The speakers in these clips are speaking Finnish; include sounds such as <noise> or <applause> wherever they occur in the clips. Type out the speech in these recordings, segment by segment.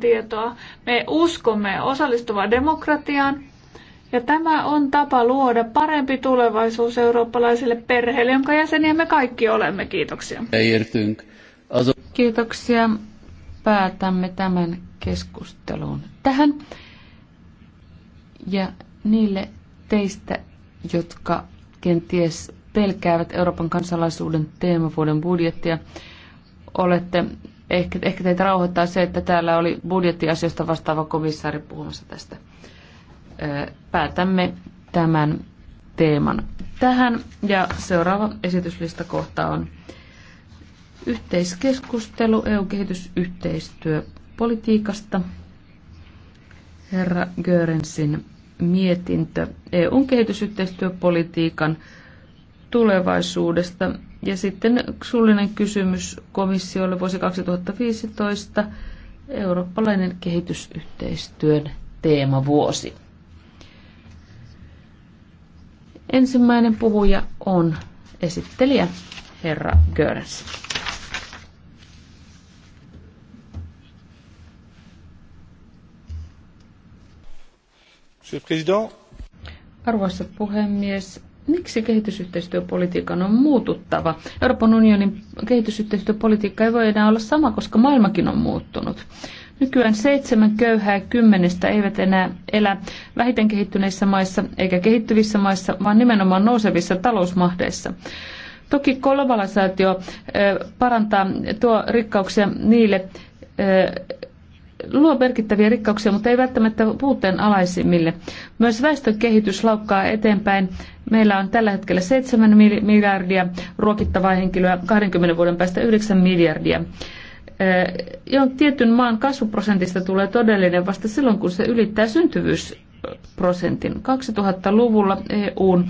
tietoa. Me uskomme osallistuvaan demokratiaan ja tämä on tapa luoda parempi tulevaisuus eurooppalaiselle perheelle, jonka jäseniä me kaikki olemme. Kiitoksia. Kiitoksia. Päätämme tämän keskustelun tähän. Ja niille teistä, jotka kenties pelkäävät Euroopan kansalaisuuden teemavuoden budjettia, olette Ehkä, ehkä teitä rauhoittaa se, että täällä oli budjettiasioista vastaava komissaari puhumassa tästä. Päätämme tämän teeman tähän ja seuraava esityslistakohta on yhteiskeskustelu EU-kehitysyhteistyöpolitiikasta. Herra Görensin mietintö eu kehitysyhteistyöpolitiikan tulevaisuudesta ja sitten suullinen kysymys komissiolle vuosi 2015, eurooppalainen kehitysyhteistyön teemavuosi. Ensimmäinen puhuja on esittelijä herra Görens. Arvoisa puhemies, Miksi kehitysyhteistyöpolitiikan on muututtava? Euroopan unionin kehitysyhteistyöpolitiikka ei voi enää olla sama, koska maailmakin on muuttunut. Nykyään seitsemän köyhää kymmenestä eivät enää elä vähiten kehittyneissä maissa eikä kehittyvissä maissa, vaan nimenomaan nousevissa talousmahdeissa. Toki globalisaatio parantaa tuo rikkauksia niille luo merkittäviä rikkauksia, mutta ei välttämättä puutteen alaisimmille. Myös väestökehitys laukkaa eteenpäin. Meillä on tällä hetkellä 7 miljardia ruokittavaa henkilöä, 20 vuoden päästä 9 miljardia. Jo tietyn maan kasvuprosentista tulee todellinen vasta silloin, kun se ylittää syntyvyysprosentin. 2000-luvulla EUn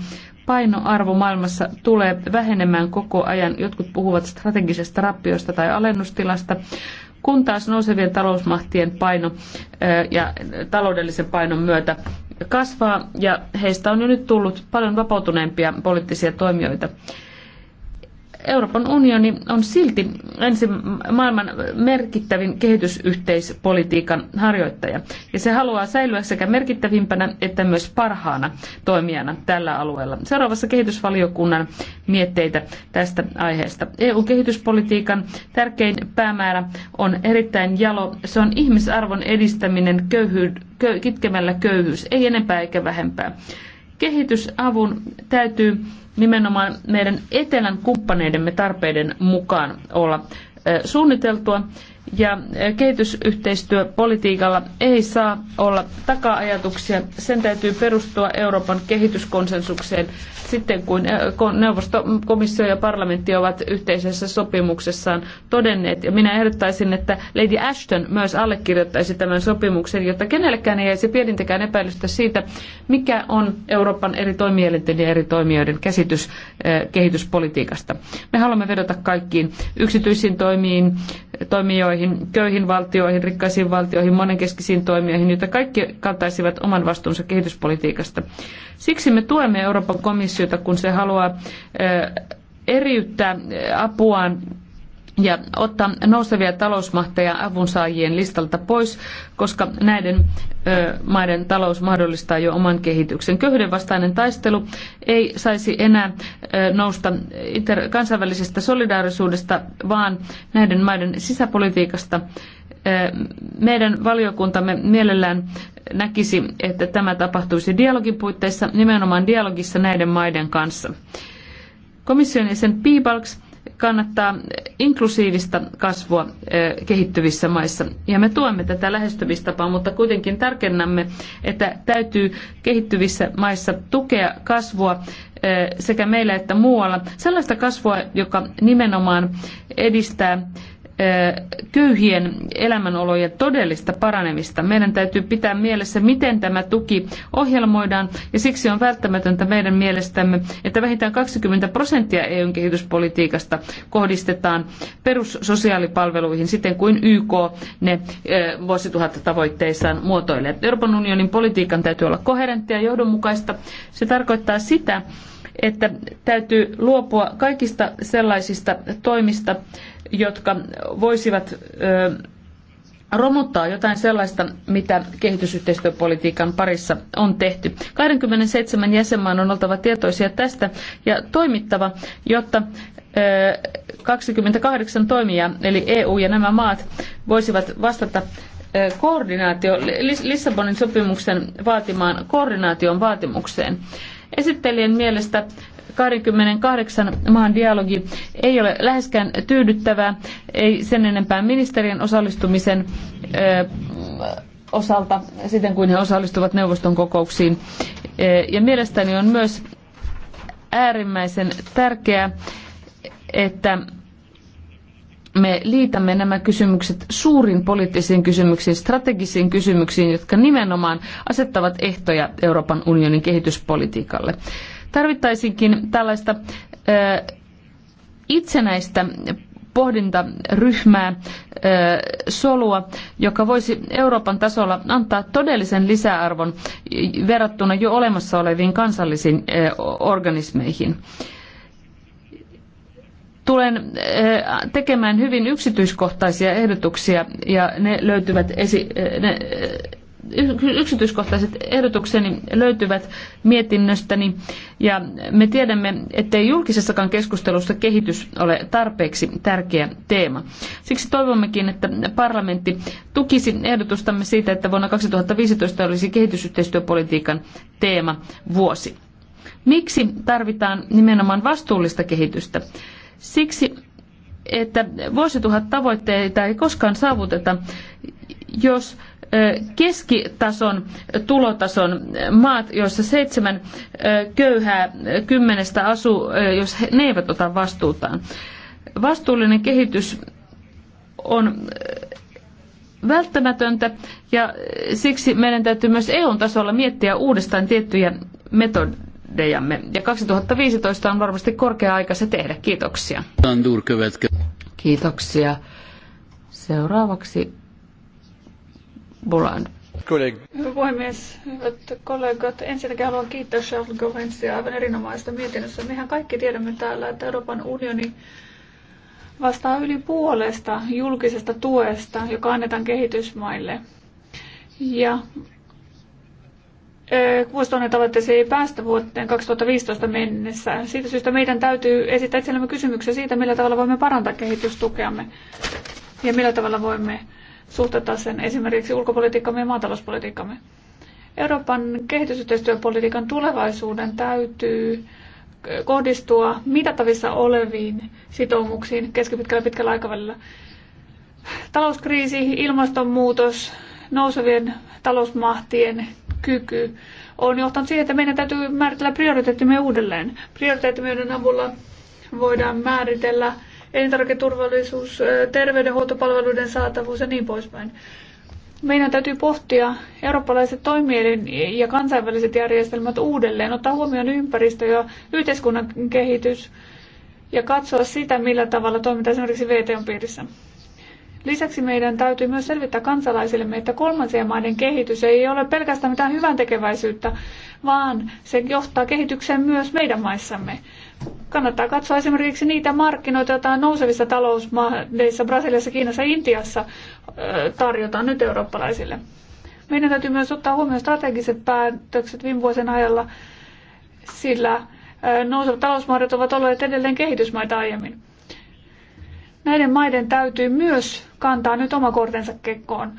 painoarvo maailmassa tulee vähenemään koko ajan. Jotkut puhuvat strategisesta rappiosta tai alennustilasta kun taas nousevien talousmahtien paino ja taloudellisen painon myötä kasvaa ja heistä on jo nyt tullut paljon vapautuneempia poliittisia toimijoita. Euroopan unioni on silti ensi maailman merkittävin kehitysyhteispolitiikan harjoittaja. Ja se haluaa säilyä sekä merkittävimpänä että myös parhaana toimijana tällä alueella. Seuraavassa kehitysvaliokunnan mietteitä tästä aiheesta. EU-kehityspolitiikan tärkein päämäärä on erittäin jalo. Se on ihmisarvon edistäminen köyhyyd, kitkemällä köyhyys, ei enempää eikä vähempää. Kehitysavun täytyy nimenomaan meidän etelän kumppaneidemme tarpeiden mukaan olla suunniteltua ja eh, kehitysyhteistyöpolitiikalla ei saa olla taka-ajatuksia. Sen täytyy perustua Euroopan kehityskonsensukseen sitten, kun eh, neuvosto, komissio ja parlamentti ovat yhteisessä sopimuksessaan todenneet. Ja minä ehdottaisin, että Lady Ashton myös allekirjoittaisi tämän sopimuksen, jotta kenellekään ei jäisi pienintäkään epäilystä siitä, mikä on Euroopan eri toimielinten ja eri toimijoiden käsitys eh, kehityspolitiikasta. Me haluamme vedota kaikkiin yksityisiin toimiin, toimijoihin, valtioihin, köyhin valtioihin, rikkaisiin valtioihin, monenkeskisiin toimijoihin, joita kaikki kantaisivat oman vastuunsa kehityspolitiikasta. Siksi me tuemme Euroopan komissiota, kun se haluaa eriyttää apuaan ja ottaa nousevia talousmahteja avunsaajien listalta pois, koska näiden ö, maiden talous mahdollistaa jo oman kehityksen. Köyhyyden vastainen taistelu ei saisi enää ö, nousta inter- kansainvälisestä solidaarisuudesta, vaan näiden maiden sisäpolitiikasta. Ö, meidän valiokuntamme mielellään näkisi, että tämä tapahtuisi dialogin puitteissa, nimenomaan dialogissa näiden maiden kanssa. Komission jäsen Piibalks kannattaa inklusiivista kasvua kehittyvissä maissa. Ja me tuemme tätä lähestymistapaa, mutta kuitenkin tarkennamme, että täytyy kehittyvissä maissa tukea kasvua sekä meillä että muualla. Sellaista kasvua, joka nimenomaan edistää köyhien elämänolojen todellista paranemista. Meidän täytyy pitää mielessä, miten tämä tuki ohjelmoidaan, ja siksi on välttämätöntä meidän mielestämme, että vähintään 20 prosenttia EUn kehityspolitiikasta kohdistetaan perussosiaalipalveluihin siten kuin YK ne vuosituhatta tavoitteissaan muotoilee. Euroopan unionin politiikan täytyy olla koherenttia ja johdonmukaista. Se tarkoittaa sitä, että täytyy luopua kaikista sellaisista toimista, jotka voisivat romuttaa jotain sellaista, mitä kehitysyhteistyöpolitiikan parissa on tehty. 27 jäsenmaan on oltava tietoisia tästä ja toimittava, jotta 28 toimijaa, eli EU ja nämä maat, voisivat vastata koordinaatio, Lissabonin sopimuksen vaatimaan koordinaation vaatimukseen. Esittelijän mielestä 28 maan dialogi ei ole läheskään tyydyttävää, ei sen enempää ministerien osallistumisen osalta, siten kuin he osallistuvat neuvoston kokouksiin. Ja mielestäni on myös äärimmäisen tärkeää, että me liitämme nämä kysymykset suurin poliittisiin kysymyksiin, strategisiin kysymyksiin, jotka nimenomaan asettavat ehtoja Euroopan unionin kehityspolitiikalle. Tarvittaisinkin tällaista äh, itsenäistä pohdintaryhmää, äh, solua, joka voisi Euroopan tasolla antaa todellisen lisäarvon äh, verrattuna jo olemassa oleviin kansallisiin organismeihin. Tulen eh, tekemään hyvin yksityiskohtaisia ehdotuksia ja ne löytyvät esi- eh, ne, eh, yksityiskohtaiset ehdotukseni löytyvät mietinnöstäni ja me tiedämme, ettei julkisessakaan keskustelussa kehitys ole tarpeeksi tärkeä teema. Siksi toivommekin, että parlamentti tukisi ehdotustamme siitä, että vuonna 2015 olisi kehitysyhteistyöpolitiikan teema vuosi. Miksi tarvitaan nimenomaan vastuullista kehitystä? Siksi, että vuosituhat tavoitteita ei koskaan saavuteta, jos keskitason tulotason maat, joissa seitsemän köyhää kymmenestä asuu, jos ne eivät ota vastuutaan. Vastuullinen kehitys on välttämätöntä ja siksi meidän täytyy myös EU-tasolla miettiä uudestaan tiettyjä standardejamme. Ja 2015 on varmasti korkea aika se tehdä. Kiitoksia. Kiitoksia. Seuraavaksi Bulan. Hyvä puhemies, hyvät kollegat. Ensinnäkin haluan kiittää Charles Govensia aivan erinomaista mietinnössä. Mehän kaikki tiedämme täällä, että Euroopan unioni vastaa yli puolesta julkisesta tuesta, joka annetaan kehitysmaille. Ja vuosituhannen tavoitteeseen ei päästä vuoteen 2015 mennessä. Siitä syystä meidän täytyy esittää itsellemme kysymyksiä siitä, millä tavalla voimme parantaa kehitystukeamme ja millä tavalla voimme suhteuttaa sen esimerkiksi ulkopolitiikkamme ja maatalouspolitiikkamme. Euroopan kehitysyhteistyöpolitiikan tulevaisuuden täytyy kohdistua mitattavissa oleviin sitoumuksiin keskipitkällä ja pitkällä aikavälillä. Talouskriisi, ilmastonmuutos, nousevien talousmahtien kyky on johtanut siihen, että meidän täytyy määritellä prioriteettimme uudelleen. Prioriteettimme avulla voidaan määritellä elintarviketurvallisuus, terveydenhuoltopalveluiden saatavuus ja niin poispäin. Meidän täytyy pohtia eurooppalaiset toimielin ja kansainväliset järjestelmät uudelleen, ottaa huomioon ympäristö ja yhteiskunnan kehitys ja katsoa sitä, millä tavalla toimitaan esimerkiksi VTOn piirissä. Lisäksi meidän täytyy myös selvittää kansalaisillemme, että kolmansien maiden kehitys ei ole pelkästään mitään hyvän tekeväisyyttä, vaan se johtaa kehitykseen myös meidän maissamme. Kannattaa katsoa esimerkiksi niitä markkinoita, joita nousevissa talousmahdeissa Brasiliassa, Kiinassa ja Intiassa tarjotaan nyt eurooppalaisille. Meidän täytyy myös ottaa huomioon strategiset päätökset viime vuosien ajalla, sillä nousevat talousmahdot ovat olleet edelleen kehitysmaita aiemmin. Näiden maiden täytyy myös kantaa nyt oma kortensa kekkoon.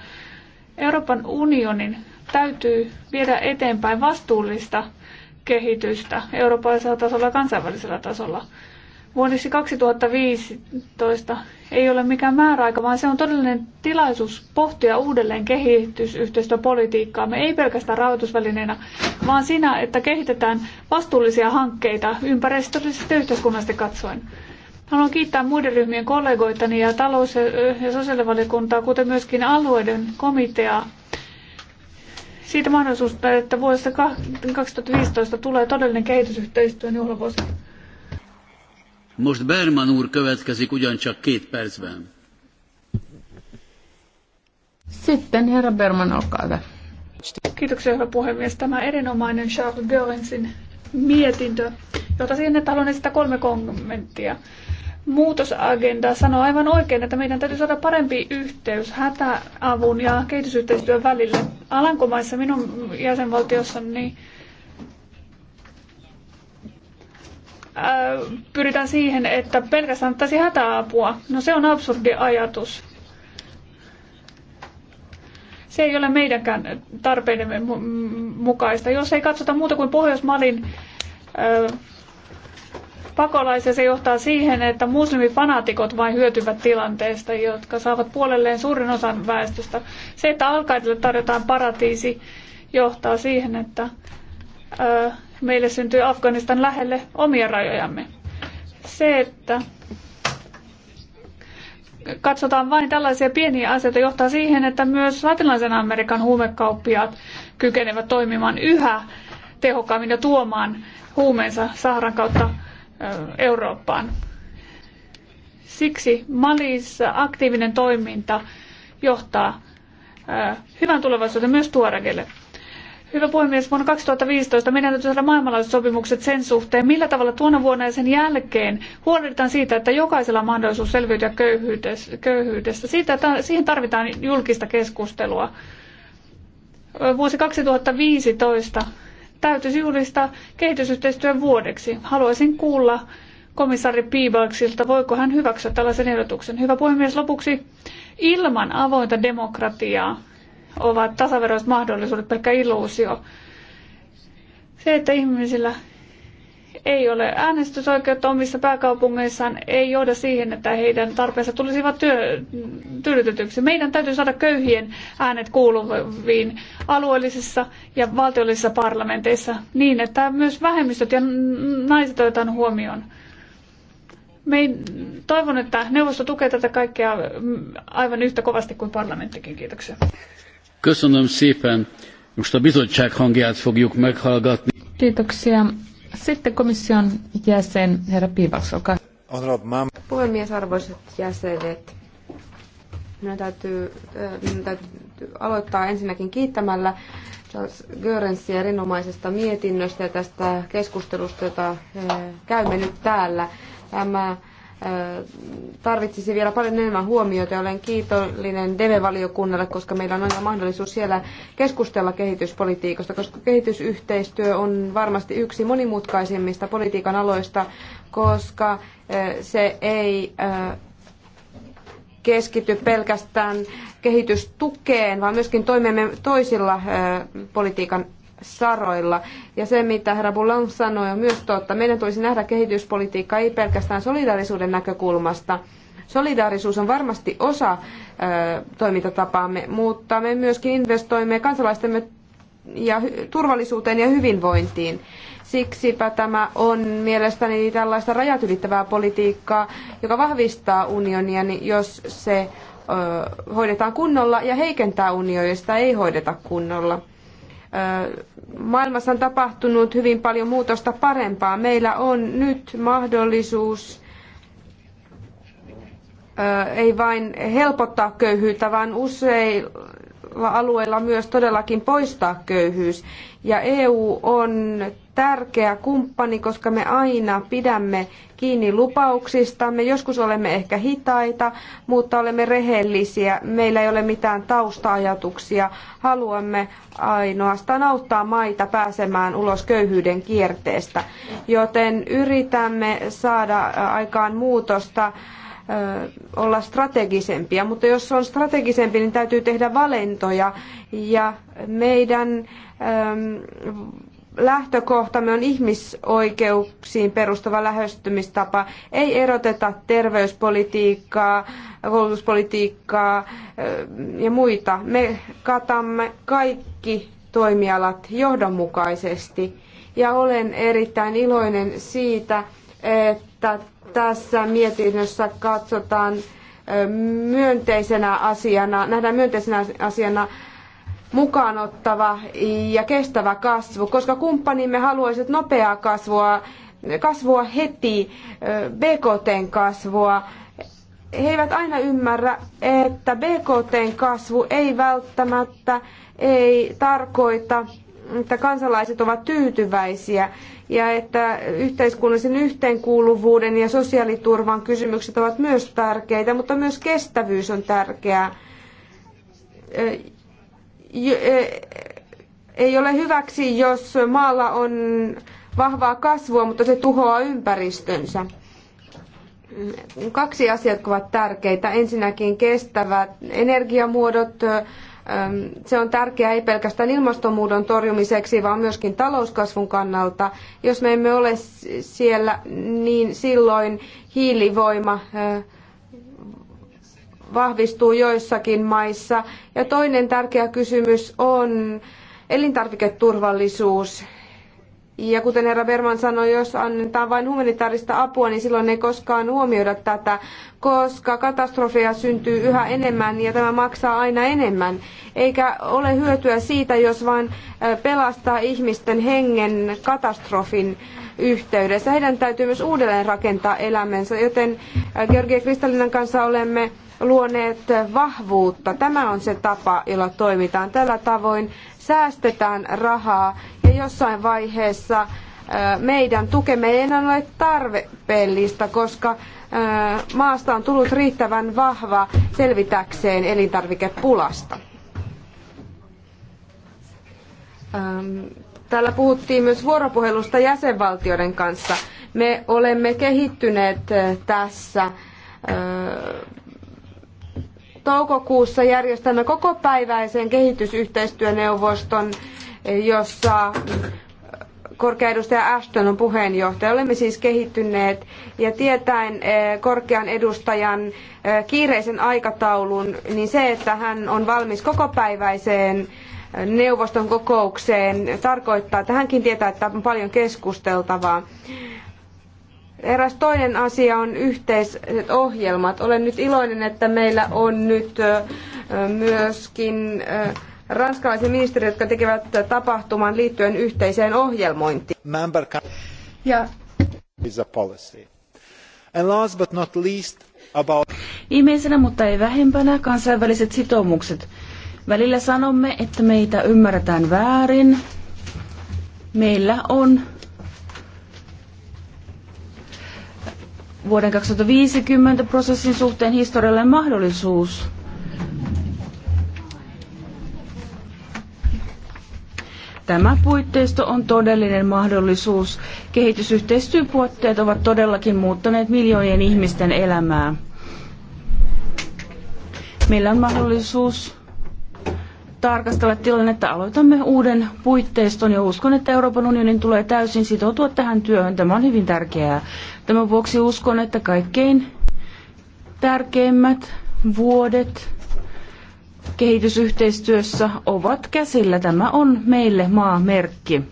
Euroopan unionin täytyy viedä eteenpäin vastuullista kehitystä eurooppalaisella tasolla ja kansainvälisellä tasolla. Vuodessa 2015 ei ole mikään määräaika, vaan se on todellinen tilaisuus pohtia uudelleen Me ei pelkästään rahoitusvälineenä, vaan siinä, että kehitetään vastuullisia hankkeita ympäristöllisesti ja yhteiskunnallisesti katsoen. Haluan kiittää muiden ryhmien kollegoitani ja talous- ja sosiaalivaliokuntaa, kuten myöskin alueiden komiteaa siitä mahdollisuudesta, että vuodesta 2015 tulee todellinen kehitysyhteistyön juhlavuosi. Most Berman úr következik ugyancsak két percben. Sitten herra Berman, olkaa hyvä. Kiitoksia herra puhemies. Tämä erinomainen Charles Görensin mietintö, jota siihen, että haluan esittää kolme kommenttia muutosagenda sanoo aivan oikein, että meidän täytyy saada parempi yhteys hätäavun ja kehitysyhteistyön välille. Alankomaissa minun jäsenvaltiossani äh, pyritään siihen, että pelkästään antaisi hätäapua. No se on absurdi ajatus. Se ei ole meidänkään tarpeidemme mukaista. Jos ei katsota muuta kuin Pohjoismalin äh, ja Se johtaa siihen, että muslimifanaatikot vain hyötyvät tilanteesta, jotka saavat puolelleen suurin osan väestöstä. Se, että alkaidille tarjotaan paratiisi, johtaa siihen, että ö, meille syntyy Afganistan lähelle omia rajojamme. Se, että katsotaan vain tällaisia pieniä asioita, johtaa siihen, että myös latinalaisen Amerikan huumekauppiaat kykenevät toimimaan yhä tehokkaammin ja tuomaan huumeensa Saharan kautta Eurooppaan. Siksi Malissa aktiivinen toiminta johtaa hyvän tulevaisuuden myös tuorekille. Hyvä puhemies, vuonna 2015 meidän täytyy saada maailmanlaajuiset sopimukset sen suhteen, millä tavalla tuona vuonna ja sen jälkeen huolehditaan siitä, että jokaisella on mahdollisuus selviytyä köyhyydestä. Siitä, että siihen tarvitaan julkista keskustelua. Vuosi 2015 täytyisi julistaa kehitysyhteistyön vuodeksi. Haluaisin kuulla komissaari Piibaksilta, voiko hän hyväksyä tällaisen ehdotuksen. Hyvä puhemies, lopuksi ilman avointa demokratiaa ovat tasaveroiset mahdollisuudet pelkkä illuusio. Se, että ihmisillä ei ole äänestysoikeutta omissa pääkaupungeissaan, ei johda siihen, että heidän tarpeensa tulisivat työ, tyydytetyksi. Meidän täytyy saada köyhien äänet kuuluviin alueellisissa ja valtiollisissa parlamenteissa niin, että myös vähemmistöt ja naiset otetaan huomioon. Me ei, toivon, että neuvosto tukee tätä kaikkea aivan yhtä kovasti kuin parlamenttikin. Kiitoksia. Köszönöm szépen. Most a bizottság hangját fogjuk meghallgatni. Kiitoksia. Sitten komission jäsen, herra Piivaks, olkaa Puhemies, arvoisat jäsenet. Minun täytyy, äh, minun täytyy aloittaa ensinnäkin kiittämällä Charles Görensia erinomaisesta mietinnöstä ja tästä keskustelusta, jota äh, käymme nyt täällä. Tämä tarvitsisi vielä paljon enemmän huomiota. Olen kiitollinen DEVE-valiokunnalle, koska meillä on aina mahdollisuus siellä keskustella kehityspolitiikasta, koska kehitysyhteistyö on varmasti yksi monimutkaisimmista politiikan aloista, koska se ei keskity pelkästään kehitystukeen, vaan myöskin toimimme toisilla politiikan saroilla. Ja se, mitä herra Boulogne sanoi, on myös totta. Meidän tulisi nähdä kehityspolitiikkaa ei pelkästään solidaarisuuden näkökulmasta. Solidaarisuus on varmasti osa ö, toimintatapaamme, mutta me myöskin investoimme kansalaistemme ja turvallisuuteen ja hyvinvointiin. Siksipä tämä on mielestäni tällaista rajat ylittävää politiikkaa, joka vahvistaa unionia, niin jos se ö, hoidetaan kunnolla ja heikentää unionia, jos sitä ei hoideta kunnolla. Maailmassa on tapahtunut hyvin paljon muutosta parempaa. Meillä on nyt mahdollisuus ei vain helpottaa köyhyyttä, vaan useilla alueilla myös todellakin poistaa köyhyys. Ja EU on tärkeä kumppani, koska me aina pidämme kiinni lupauksistamme. Joskus olemme ehkä hitaita, mutta olemme rehellisiä. Meillä ei ole mitään taustaajatuksia. Haluamme ainoastaan auttaa maita pääsemään ulos köyhyyden kierteestä. Joten yritämme saada aikaan muutosta olla strategisempia, mutta jos on strategisempi, niin täytyy tehdä valentoja ja meidän lähtökohtamme on ihmisoikeuksiin perustuva lähestymistapa. Ei eroteta terveyspolitiikkaa, koulutuspolitiikkaa ja muita. Me katamme kaikki toimialat johdonmukaisesti. Ja olen erittäin iloinen siitä, että tässä mietinnössä katsotaan myönteisenä asiana, nähdään myönteisenä asiana mukaanottava ja kestävä kasvu, koska kumppanimme haluaisivat nopeaa kasvua, kasvua heti, BKTn kasvua. He eivät aina ymmärrä, että BKTn kasvu ei välttämättä ei tarkoita, että kansalaiset ovat tyytyväisiä ja että yhteiskunnallisen yhteenkuuluvuuden ja sosiaaliturvan kysymykset ovat myös tärkeitä, mutta myös kestävyys on tärkeää E, ei ole hyväksi, jos maalla on vahvaa kasvua, mutta se tuhoaa ympäristönsä. Kaksi asiaa, jotka ovat tärkeitä. Ensinnäkin kestävät energiamuodot. Se on tärkeää ei pelkästään ilmastonmuudon torjumiseksi, vaan myöskin talouskasvun kannalta. Jos me emme ole siellä, niin silloin hiilivoima vahvistuu joissakin maissa. Ja toinen tärkeä kysymys on elintarviketurvallisuus. Ja kuten herra Berman sanoi, jos annetaan vain humanitaarista apua, niin silloin ei koskaan huomioida tätä, koska katastrofeja syntyy yhä enemmän ja tämä maksaa aina enemmän. Eikä ole hyötyä siitä, jos vain pelastaa ihmisten hengen katastrofin yhteydessä. Heidän täytyy myös uudelleen rakentaa elämänsä, joten Georgia Kristallinan kanssa olemme luoneet vahvuutta. Tämä on se tapa, jolla toimitaan. Tällä tavoin säästetään rahaa ja jossain vaiheessa meidän tukemme ei enää ole tarpeellista, koska maasta on tullut riittävän vahva selvitäkseen elintarvikepulasta. Täällä puhuttiin myös vuoropuhelusta jäsenvaltioiden kanssa. Me olemme kehittyneet tässä toukokuussa järjestämme kokopäiväisen kehitysyhteistyöneuvoston, jossa korkea edustaja Ashton on puheenjohtaja. Olemme siis kehittyneet ja tietäen eh, korkean edustajan eh, kiireisen aikataulun, niin se, että hän on valmis kokopäiväiseen eh, neuvoston kokoukseen, tarkoittaa, että hänkin tietää, että on paljon keskusteltavaa. Eräs toinen asia on yhteiset ohjelmat. Olen nyt iloinen, että meillä on nyt myöskin ranskalaisia ministeriä, jotka tekevät tapahtuman liittyen yhteiseen ohjelmointiin. Ja And last but not least about... Viimeisenä, mutta ei vähempänä, kansainväliset sitoumukset. Välillä sanomme, että meitä ymmärretään väärin. Meillä on vuoden 2050 prosessin suhteen historiallinen mahdollisuus. Tämä puitteisto on todellinen mahdollisuus. Kehitysyhteistyöpuotteet ovat todellakin muuttaneet miljoonien ihmisten elämää. Meillä on mahdollisuus tarkastella tilannetta. Aloitamme uuden puitteiston ja uskon, että Euroopan unionin tulee täysin sitoutua tähän työhön. Tämä on hyvin tärkeää. Tämän vuoksi uskon, että kaikkein tärkeimmät vuodet kehitysyhteistyössä ovat käsillä. Tämä on meille maamerkki.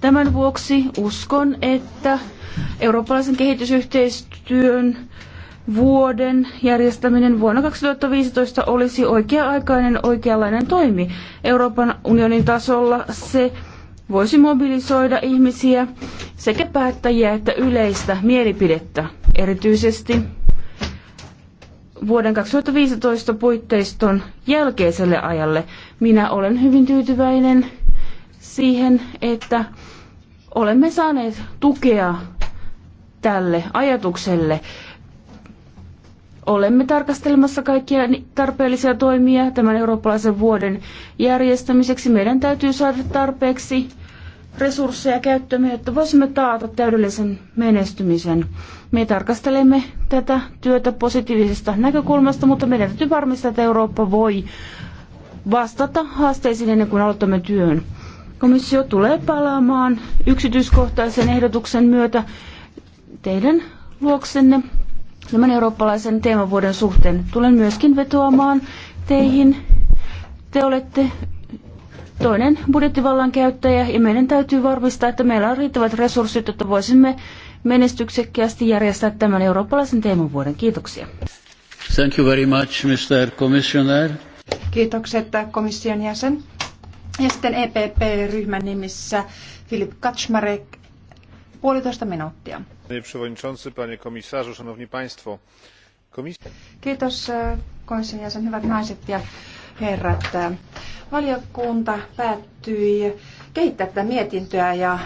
Tämän vuoksi uskon, että eurooppalaisen kehitysyhteistyön vuoden järjestäminen vuonna 2015 olisi oikea-aikainen oikeanlainen toimi. Euroopan unionin tasolla se voisi mobilisoida ihmisiä sekä päättäjiä että yleistä mielipidettä erityisesti vuoden 2015 puitteiston jälkeiselle ajalle. Minä olen hyvin tyytyväinen siihen, että olemme saaneet tukea tälle ajatukselle olemme tarkastelemassa kaikkia tarpeellisia toimia tämän eurooppalaisen vuoden järjestämiseksi. Meidän täytyy saada tarpeeksi resursseja käyttöömme, jotta voisimme taata täydellisen menestymisen. Me tarkastelemme tätä työtä positiivisesta näkökulmasta, mutta meidän täytyy varmistaa, että Eurooppa voi vastata haasteisiin ennen kuin aloitamme työn. Komissio tulee palaamaan yksityiskohtaisen ehdotuksen myötä teidän luoksenne tämän eurooppalaisen teemavuoden suhteen. Tulen myöskin vetoamaan teihin. Te olette toinen budjettivallan käyttäjä ja meidän täytyy varmistaa, että meillä on riittävät resurssit, jotta voisimme menestyksekkäästi järjestää tämän eurooppalaisen teemavuoden. Kiitoksia. Thank you very much, Mr. Commissioner. Kiitokset äh, komission jäsen. Ja sitten EPP-ryhmän nimissä Filip Kaczmarek, puolitoista minuuttia. Panie przewodniczący, panie komisarzu, szanowni państwo. Kiitos e, hyvät ja e, Valiokunta päätyi kehittämään tätä mietintöä ja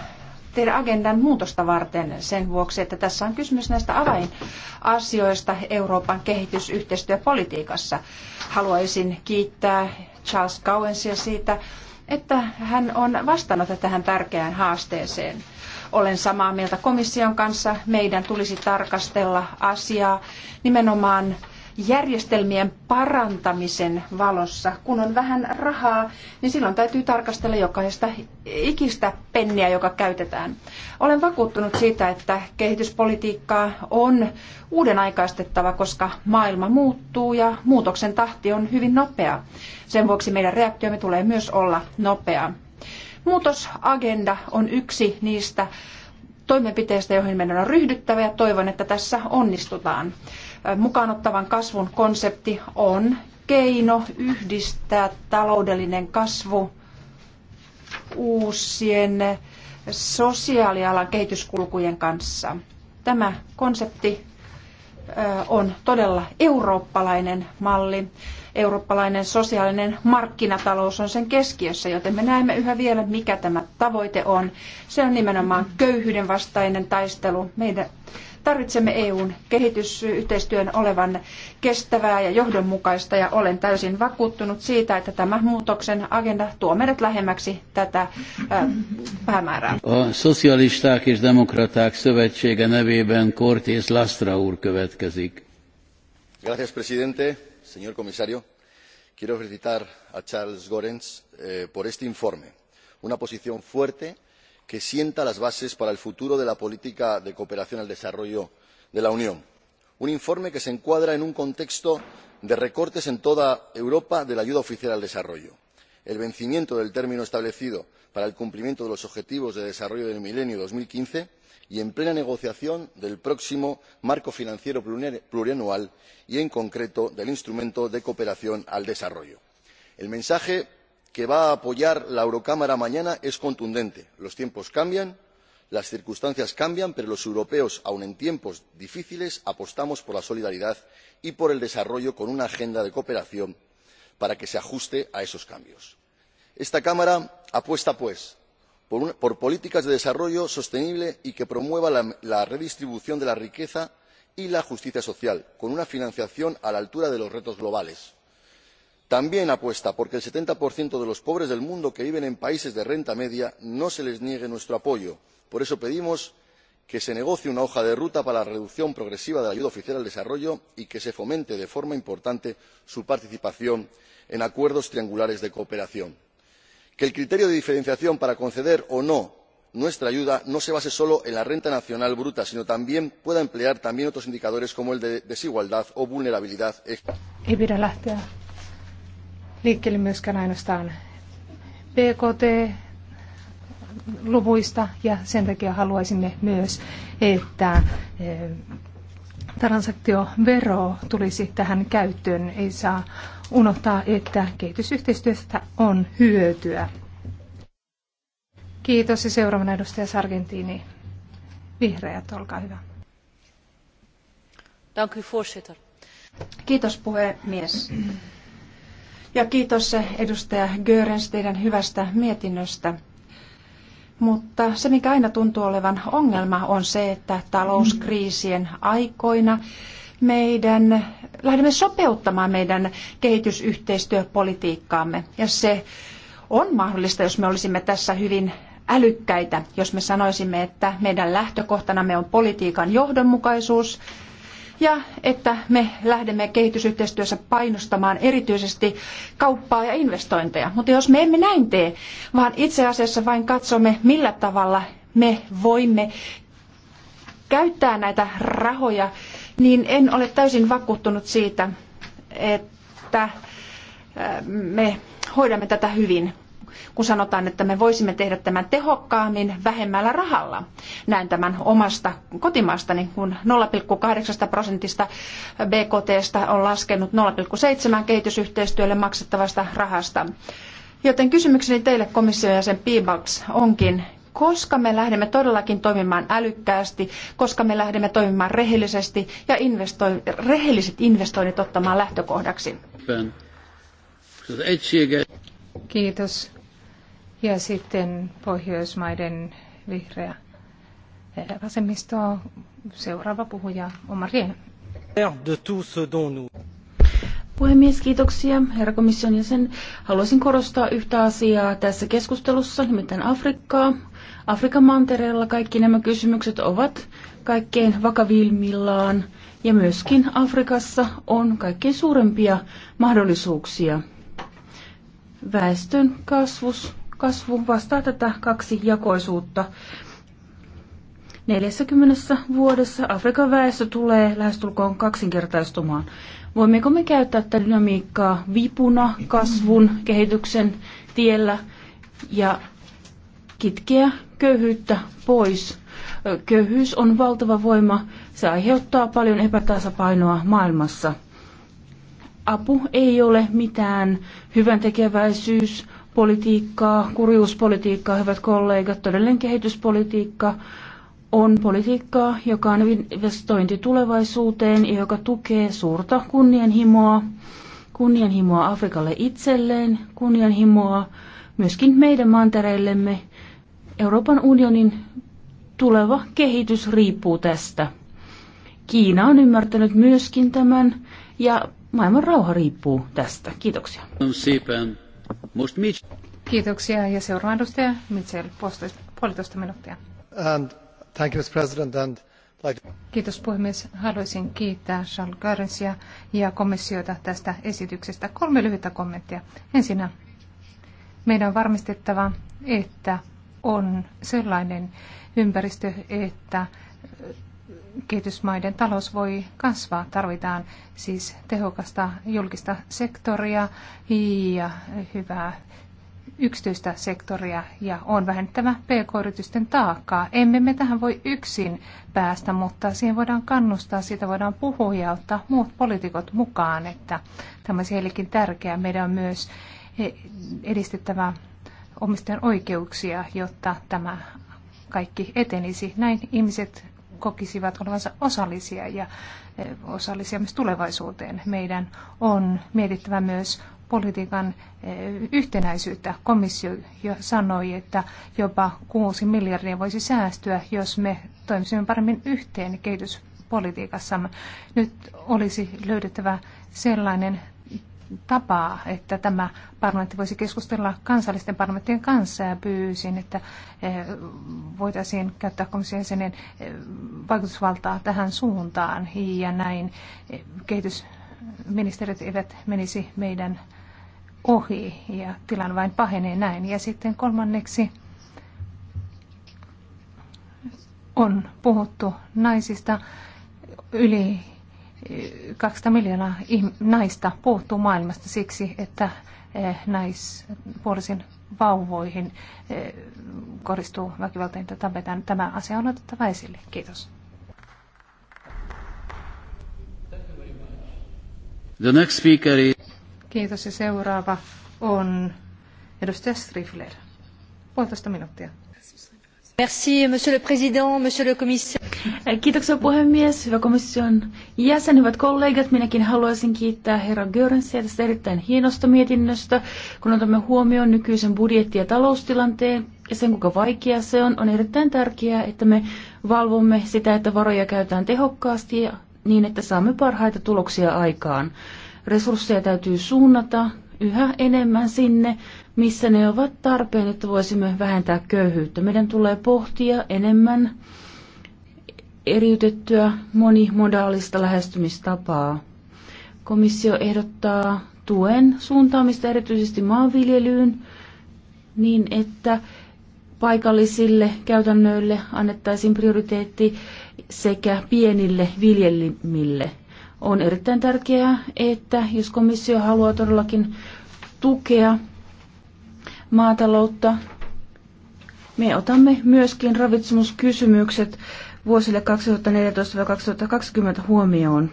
tehdä agendan muutosta varten sen vuoksi, että tässä on kysymys näistä avainasioista Euroopan kehitysyhteistyöpolitiikassa. Haluaisin kiittää Charles Cowensia siitä, että hän on vastannut tähän tärkeään haasteeseen olen samaa mieltä komission kanssa. Meidän tulisi tarkastella asiaa nimenomaan järjestelmien parantamisen valossa. Kun on vähän rahaa, niin silloin täytyy tarkastella jokaista ikistä penniä, joka käytetään. Olen vakuuttunut siitä, että kehityspolitiikkaa on uuden aikaistettava, koska maailma muuttuu ja muutoksen tahti on hyvin nopea. Sen vuoksi meidän reaktiomme tulee myös olla nopea. Muutosagenda on yksi niistä toimenpiteistä, joihin meidän on ryhdyttävä ja toivon, että tässä onnistutaan. Mukaanottavan kasvun konsepti on keino yhdistää taloudellinen kasvu uusien sosiaalialan kehityskulkujen kanssa. Tämä konsepti on todella eurooppalainen malli eurooppalainen sosiaalinen markkinatalous on sen keskiössä, joten me näemme yhä vielä, mikä tämä tavoite on. Se on nimenomaan köyhyyden vastainen taistelu. Meidän tarvitsemme EUn kehitysyhteistyön olevan kestävää ja johdonmukaista ja olen täysin vakuuttunut siitä, että tämä muutoksen agenda tuo meidät lähemmäksi tätä äh, päämäärää. és demokraták szövetsége nevében Cortés Lastra úr következik. Gracias, presidente señor comisario quiero felicitar a charles goerens eh, por este informe una posición fuerte que sienta las bases para el futuro de la política de cooperación al desarrollo de la unión un informe que se encuadra en un contexto de recortes en toda europa de la ayuda oficial al desarrollo el vencimiento del término establecido para el cumplimiento de los objetivos de desarrollo del milenio dos mil quince y en plena negociación del próximo marco financiero plurianual y en concreto del instrumento de cooperación al desarrollo. el mensaje que va a apoyar la eurocámara mañana es contundente los tiempos cambian las circunstancias cambian pero los europeos aun en tiempos difíciles apostamos por la solidaridad y por el desarrollo con una agenda de cooperación para que se ajuste a esos cambios. esta cámara apuesta pues por políticas de desarrollo sostenible y que promueva la redistribución de la riqueza y la justicia social con una financiación a la altura de los retos globales. también apuesta por que al setenta de los pobres del mundo que viven en países de renta media no se les niegue nuestro apoyo. por eso pedimos que se negocie una hoja de ruta para la reducción progresiva de la ayuda oficial al desarrollo y que se fomente de forma importante su participación en acuerdos triangulares de cooperación que el criterio de diferenciación para conceder o no nuestra ayuda no se base solo en la renta nacional bruta sino que pueda emplear otros indicadores como el de desigualdad o vulnerabilidad. ei pidä lähteä liikkeelle myöskään ainoastaan bkt luvuista ja sen takia haluaisimme myös, että eh, transaktiovero tulisi tähän käyttöön. Ei saa unohtaa, että kehitysyhteistyöstä on hyötyä. Kiitos ja seuraavana edustaja Sargentini. Vihreät, olkaa hyvä. Dank u, voorzitter. Kiitos puhemies. Ja kiitos edustaja Görens teidän hyvästä mietinnöstä. Mutta se, mikä aina tuntuu olevan ongelma, on se, että talouskriisien aikoina meidän, lähdemme sopeuttamaan meidän kehitysyhteistyöpolitiikkaamme. Ja se on mahdollista, jos me olisimme tässä hyvin älykkäitä, jos me sanoisimme, että meidän lähtökohtanamme on politiikan johdonmukaisuus ja että me lähdemme kehitysyhteistyössä painostamaan erityisesti kauppaa ja investointeja. Mutta jos me emme näin tee, vaan itse asiassa vain katsomme, millä tavalla me voimme käyttää näitä rahoja, niin en ole täysin vakuuttunut siitä, että me hoidamme tätä hyvin kun sanotaan, että me voisimme tehdä tämän tehokkaammin vähemmällä rahalla. Näen tämän omasta kotimaastani, kun 0,8 prosentista BKTstä on laskenut 0,7 kehitysyhteistyölle maksettavasta rahasta. Joten kysymykseni teille komission jäsen Peebles onkin, koska me lähdemme todellakin toimimaan älykkäästi, koska me lähdemme toimimaan rehellisesti ja investoi, rehelliset investoinnit ottamaan lähtökohdaksi. Kiitos. Ja sitten Pohjoismaiden vihreä eh, vasemmisto, seuraava puhuja Omar Rien. Puhemies, kiitoksia. Herra komission jäsen, haluaisin korostaa yhtä asiaa tässä keskustelussa, nimittäin Afrikkaa. Afrikan mantereella kaikki nämä kysymykset ovat kaikkein vakavimmillaan ja myöskin Afrikassa on kaikkein suurempia mahdollisuuksia. Väestön kasvus kasvu vastaa tätä kaksi jakoisuutta. 40 vuodessa Afrikan väestö tulee lähestulkoon kaksinkertaistumaan. Voimmeko me käyttää tätä dynamiikkaa vipuna kasvun kehityksen tiellä ja kitkeä köyhyyttä pois? Köyhyys on valtava voima. Se aiheuttaa paljon epätasapainoa maailmassa. Apu ei ole mitään hyvän tekeväisyys politiikkaa, kurjuuspolitiikkaa, hyvät kollegat, todellinen kehityspolitiikka on politiikkaa, joka on investointi tulevaisuuteen ja joka tukee suurta kunnianhimoa, kunnianhimoa Afrikalle itselleen, kunnianhimoa myöskin meidän mantereillemme. Euroopan unionin tuleva kehitys riippuu tästä. Kiina on ymmärtänyt myöskin tämän ja maailman rauha riippuu tästä. Kiitoksia. Kiitoksia. Ja seuraava edustaja Mitchell, puolitoista minuuttia. And thank you, Mr. President, and like. Kiitos puhemies. Haluaisin kiittää Charles Garensia ja komissiota tästä esityksestä. Kolme lyhyttä kommenttia. Ensinnä meidän on varmistettava, että on sellainen ympäristö, että kehitysmaiden talous voi kasvaa. Tarvitaan siis tehokasta julkista sektoria ja hyvää yksityistä sektoria ja on vähennettävä pk-yritysten taakkaa. Emme me tähän voi yksin päästä, mutta siihen voidaan kannustaa, siitä voidaan puhua ja ottaa muut poliitikot mukaan, että tämä on sielläkin tärkeää. Meidän on myös edistettävä omistajan oikeuksia, jotta tämä kaikki etenisi. Näin ihmiset kokisivat olevansa osallisia ja eh, osallisia myös tulevaisuuteen. Meidän on mietittävä myös politiikan eh, yhtenäisyyttä. Komissio jo sanoi, että jopa 6 miljardia voisi säästyä, jos me toimisimme paremmin yhteen kehityspolitiikassamme. Nyt olisi löydettävä sellainen tapaa, että tämä parlamentti voisi keskustella kansallisten parlamenttien kanssa ja pyysin, että eh, voitaisiin käyttää komission jäsenen eh, vaikutusvaltaa tähän suuntaan ja näin eh, kehitysministerit eivät menisi meidän ohi ja tilanne vain pahenee näin. Ja sitten kolmanneksi on puhuttu naisista yli 200 miljoonaa naista puuttuu maailmasta siksi, että eh, naispuolisin vauvoihin eh, koristuu väkivalta, tapetaan. Tämä asia on otettava esille. Kiitos. The next speaker is... Kiitos ja seuraava on edustaja Strifler. Puolitoista minuuttia monsieur le président, monsieur le commissaire. Kiitoksia puhemies, hyvä komission jäsen, hyvät kollegat. Minäkin haluaisin kiittää herra Görensiä tästä erittäin hienosta mietinnöstä. Kun otamme huomioon nykyisen budjetti- ja taloustilanteen ja sen, kuinka vaikea se on, on erittäin tärkeää, että me valvomme sitä, että varoja käytetään tehokkaasti ja niin, että saamme parhaita tuloksia aikaan. Resursseja täytyy suunnata yhä enemmän sinne, missä ne ovat tarpeen, että voisimme vähentää köyhyyttä. Meidän tulee pohtia enemmän eriytettyä monimodaalista lähestymistapaa. Komissio ehdottaa tuen suuntaamista erityisesti maanviljelyyn niin, että paikallisille käytännöille annettaisiin prioriteetti sekä pienille viljelmille. On erittäin tärkeää, että jos komissio haluaa todellakin tukea maataloutta. Me otamme myöskin ravitsemuskysymykset vuosille 2014-2020 huomioon.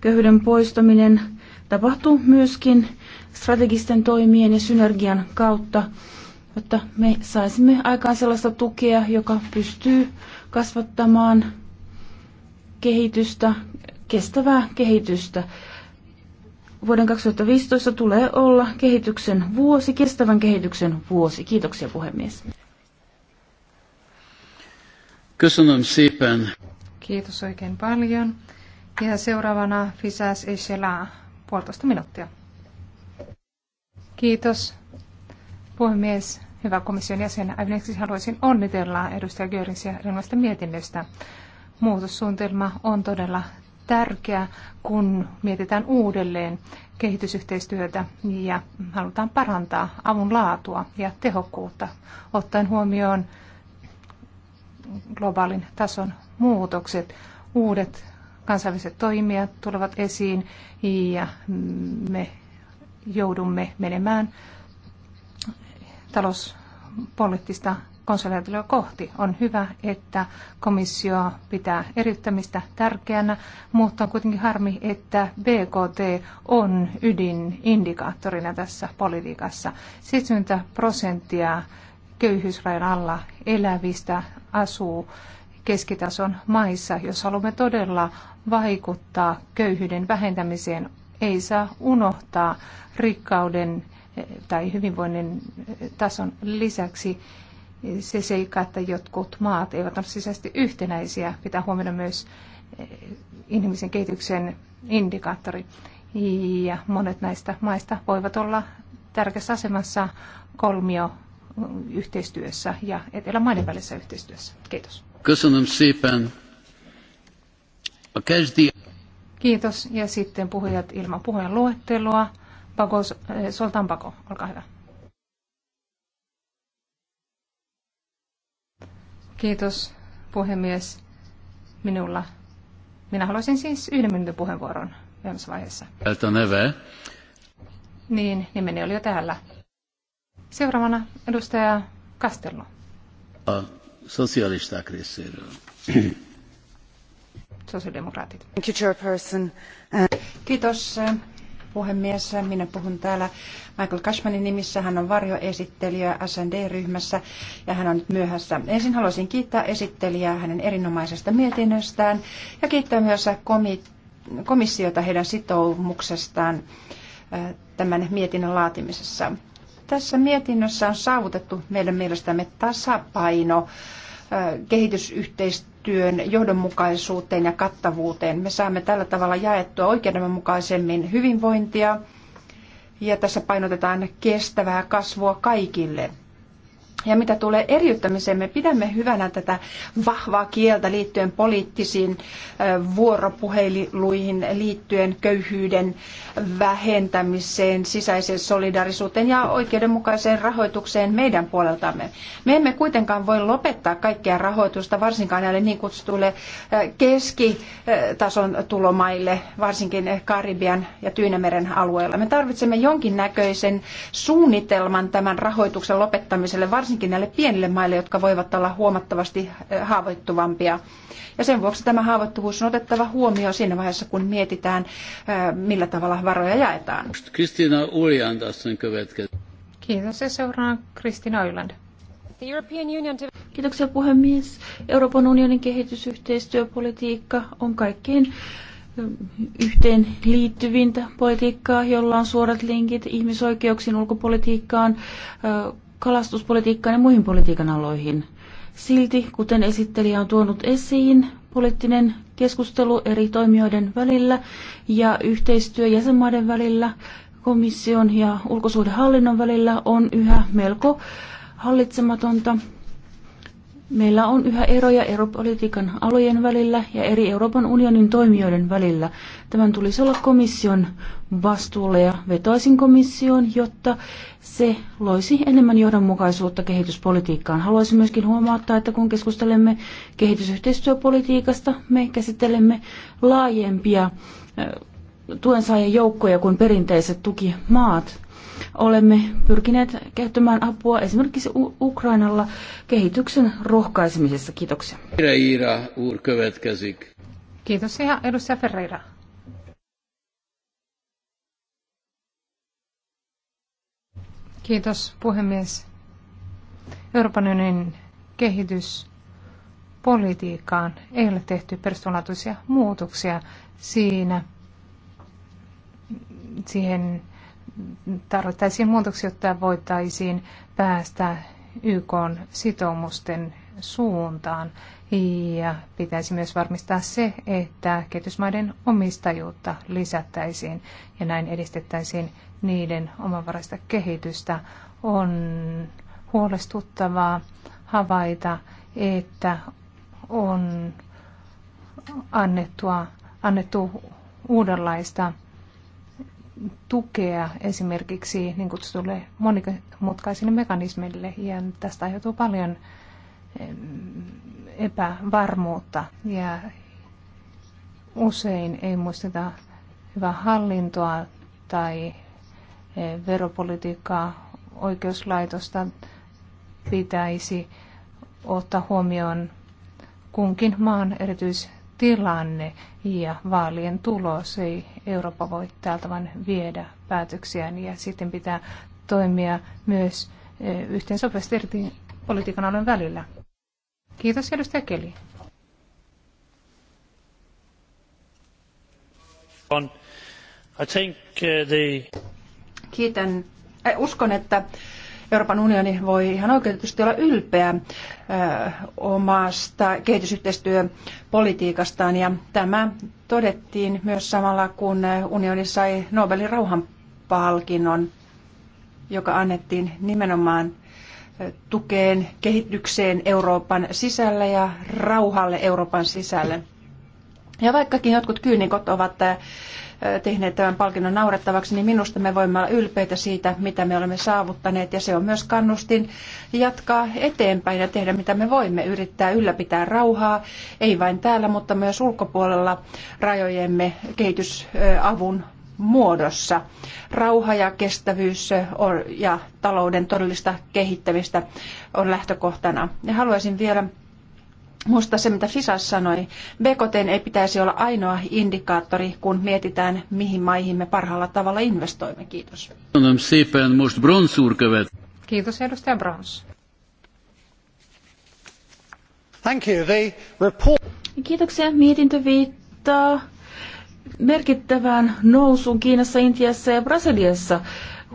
Köyhyyden poistaminen tapahtuu myöskin strategisten toimien ja synergian kautta, jotta me saisimme aikaan sellaista tukea, joka pystyy kasvattamaan kehitystä, kestävää kehitystä vuoden 2015 tulee olla kehityksen vuosi, kestävän kehityksen vuosi. Kiitoksia puhemies. Kiitos oikein paljon. Ja seuraavana Fisas Eshela, puolitoista minuuttia. Kiitos puhemies. Hyvä komission jäsen, aivan haluaisin onnitella edustaja Görinsiä rennoista mietinnöstä. Muutossuunnitelma on todella tärkeä, kun mietitään uudelleen kehitysyhteistyötä ja halutaan parantaa avun laatua ja tehokkuutta, ottaen huomioon globaalin tason muutokset, uudet kansainväliset toimijat tulevat esiin ja me joudumme menemään talouspoliittista konsulaatiolla kohti. On hyvä, että komissio pitää eriyttämistä tärkeänä, mutta on kuitenkin harmi, että BKT on ydinindikaattorina tässä politiikassa. 70 prosenttia köyhyysrajan alla elävistä asuu keskitason maissa, jos haluamme todella vaikuttaa köyhyyden vähentämiseen, ei saa unohtaa rikkauden eh, tai hyvinvoinnin eh, tason lisäksi se seikka, että jotkut maat eivät ole sisäisesti yhtenäisiä. Pitää huomioida myös eh, ihmisen kehityksen indikaattori. Ja monet näistä maista voivat olla tärkeässä asemassa kolmio mm, yhteistyössä ja etelämaiden välisessä yhteistyössä. Kiitos. Kiitos. Ja sitten puhujat ilman puheen luetteloa. Pako, eh, Soltan Pako, olkaa hyvä. Kiitos puhemies. Minulla. Minä haluaisin siis yhden minuutin puheenvuoron myöhemmässä vaiheessa. Niin, nimeni oli jo täällä. Seuraavana edustaja Castello. Sosialista Sosiaalidemokraatit. Kiitos puhemies. Minä puhun täällä Michael Cashmanin nimissä. Hän on varjoesittelijä SND-ryhmässä ja hän on nyt myöhässä. Ensin haluaisin kiittää esittelijää hänen erinomaisesta mietinnöstään ja kiittää myös komissiota heidän sitoumuksestaan äh, tämän mietinnön laatimisessa. Tässä mietinnössä on saavutettu meidän mielestämme tasapaino kehitysyhteistyön johdonmukaisuuteen ja kattavuuteen. Me saamme tällä tavalla jaettua oikeudenmukaisemmin hyvinvointia ja tässä painotetaan kestävää kasvua kaikille. Ja mitä tulee eriyttämiseen, me pidämme hyvänä tätä vahvaa kieltä liittyen poliittisiin vuoropuheiluihin, liittyen köyhyyden vähentämiseen, sisäiseen solidarisuuteen ja oikeudenmukaiseen rahoitukseen meidän puoleltamme. Me emme kuitenkaan voi lopettaa kaikkea rahoitusta, varsinkaan näille niin kutsutuille keskitason tulomaille, varsinkin Karibian ja Tyynämeren alueella. Me tarvitsemme jonkinnäköisen suunnitelman tämän rahoituksen lopettamiselle, varsinkin varsinkin näille pienille maille, jotka voivat olla huomattavasti haavoittuvampia. Ja sen vuoksi tämä haavoittuvuus on otettava huomioon siinä vaiheessa, kun mietitään, millä tavalla varoja jaetaan. Kristina Uljand, Kiitos ja seuraan Kristina Uljand. Kiitoksia puhemies. Euroopan unionin kehitysyhteistyöpolitiikka on kaikkein yhteen liittyvintä politiikkaa, jolla on suorat linkit ihmisoikeuksiin, ulkopolitiikkaan, kalastuspolitiikkaan ja muihin politiikan aloihin. Silti, kuten esittelijä on tuonut esiin, poliittinen keskustelu eri toimijoiden välillä ja yhteistyö jäsenmaiden välillä, komission ja ulkosuhdehallinnon välillä on yhä melko hallitsematonta Meillä on yhä eroja europolitiikan alojen välillä ja eri Euroopan unionin toimijoiden välillä. Tämän tulisi olla komission vastuulla ja vetoisin komissioon, jotta se loisi enemmän johdonmukaisuutta kehityspolitiikkaan. Haluaisin myöskin huomauttaa, että kun keskustelemme kehitysyhteistyöpolitiikasta, me käsittelemme laajempia tuensaajien joukkoja kuin perinteiset tukimaat. Olemme pyrkineet kehittämään apua esimerkiksi Ukrainalla kehityksen rohkaisemisessa. Kiitoksia. Ferreira, Kiitos ja edustaja Ferreira. Kiitos puhemies. Euroopan unionin kehityspolitiikkaan ei ole tehty perustavanlaatuisia muutoksia siinä siihen tarvittaisiin muutoksia, jotta voitaisiin päästä YK sitoumusten suuntaan. Ja pitäisi myös varmistaa se, että kehitysmaiden omistajuutta lisättäisiin ja näin edistettäisiin niiden omavaraista kehitystä. On huolestuttavaa havaita, että on annettua, annettu uudenlaista tukea esimerkiksi niin kutsutulle monimutkaisille mekanismille ja tästä aiheutuu paljon epävarmuutta ja usein ei muisteta hyvää hallintoa tai e, veropolitiikkaa, oikeuslaitosta pitäisi ottaa huomioon kunkin maan erityistilanne ja vaalien tulos ei Eurooppa voi täältä vain viedä päätöksiään ja sitten pitää toimia myös eh, yhteen sopivasti eri politiikan alueen välillä. Kiitos edustaja Keli. Eh, Kiitän. Eh, uskon, että Euroopan unioni voi ihan oikeutetusti olla ylpeä omasta kehitysyhteistyöpolitiikastaan ja tämä todettiin myös samalla kun unioni sai Nobelin rauhanpalkinnon, joka annettiin nimenomaan tukeen kehitykseen Euroopan sisällä ja rauhalle Euroopan sisälle. Ja vaikkakin jotkut kyynikot ovat tehneet tämän palkinnon naurettavaksi, niin minusta me voimme olla ylpeitä siitä, mitä me olemme saavuttaneet. Ja se on myös kannustin jatkaa eteenpäin ja tehdä mitä me voimme. Yrittää ylläpitää rauhaa, ei vain täällä, mutta myös ulkopuolella rajojemme kehitysavun muodossa. Rauha ja kestävyys ja talouden todellista kehittämistä on lähtökohtana. Ja haluaisin vielä Musta se, mitä Fisas sanoi, BKT ei pitäisi olla ainoa indikaattori, kun mietitään, mihin maihin me parhaalla tavalla investoimme. Kiitos. Kiitos, edustaja Brons. Thank you. The report... Kiitoksia. Mietintö viittaa merkittävään nousuun Kiinassa, Intiassa ja Brasiliassa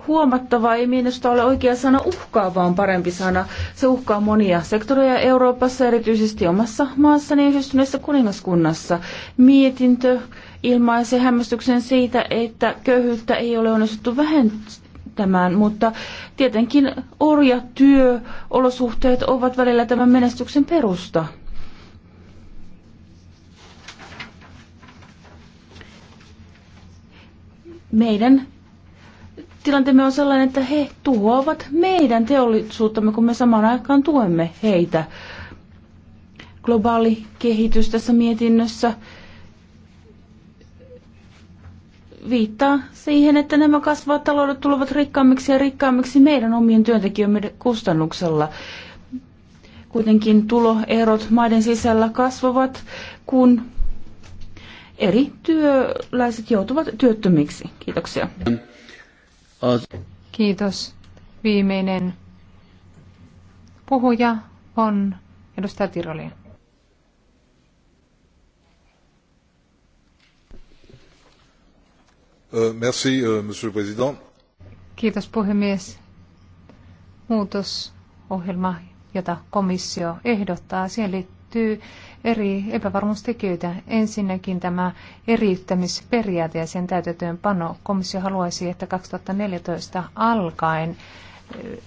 huomattava ei minusta ole oikea sana uhkaa, vaan parempi sana. Se uhkaa monia sektoreja Euroopassa, erityisesti omassa maassani yhdistyneessä kuningaskunnassa. Mietintö ilmaisee hämmästyksen siitä, että köyhyyttä ei ole onnistuttu vähentämään, mutta tietenkin orja olosuhteet ovat välillä tämän menestyksen perusta. Meidän tilanteemme on sellainen, että he tuhoavat meidän teollisuuttamme, kun me samaan aikaan tuemme heitä. Globaali kehitys tässä mietinnössä viittaa siihen, että nämä kasvavat taloudet tulevat rikkaammiksi ja rikkaammiksi meidän omien työntekijöiden kustannuksella. Kuitenkin tuloerot maiden sisällä kasvavat, kun eri työläiset joutuvat työttömiksi. Kiitoksia. Kiitos. Viimeinen puhuja on edustaja Tiroli. Euh, merci, euh, monsieur le président. Kiitos puhemies. Muutosohjelma, jota komissio ehdottaa, siihen liittyy eri epävarmuustekijöitä. Ensinnäkin tämä eriyttämisperiaate ja sen täytäntöönpano. Komissio haluaisi, että 2014 alkaen eh,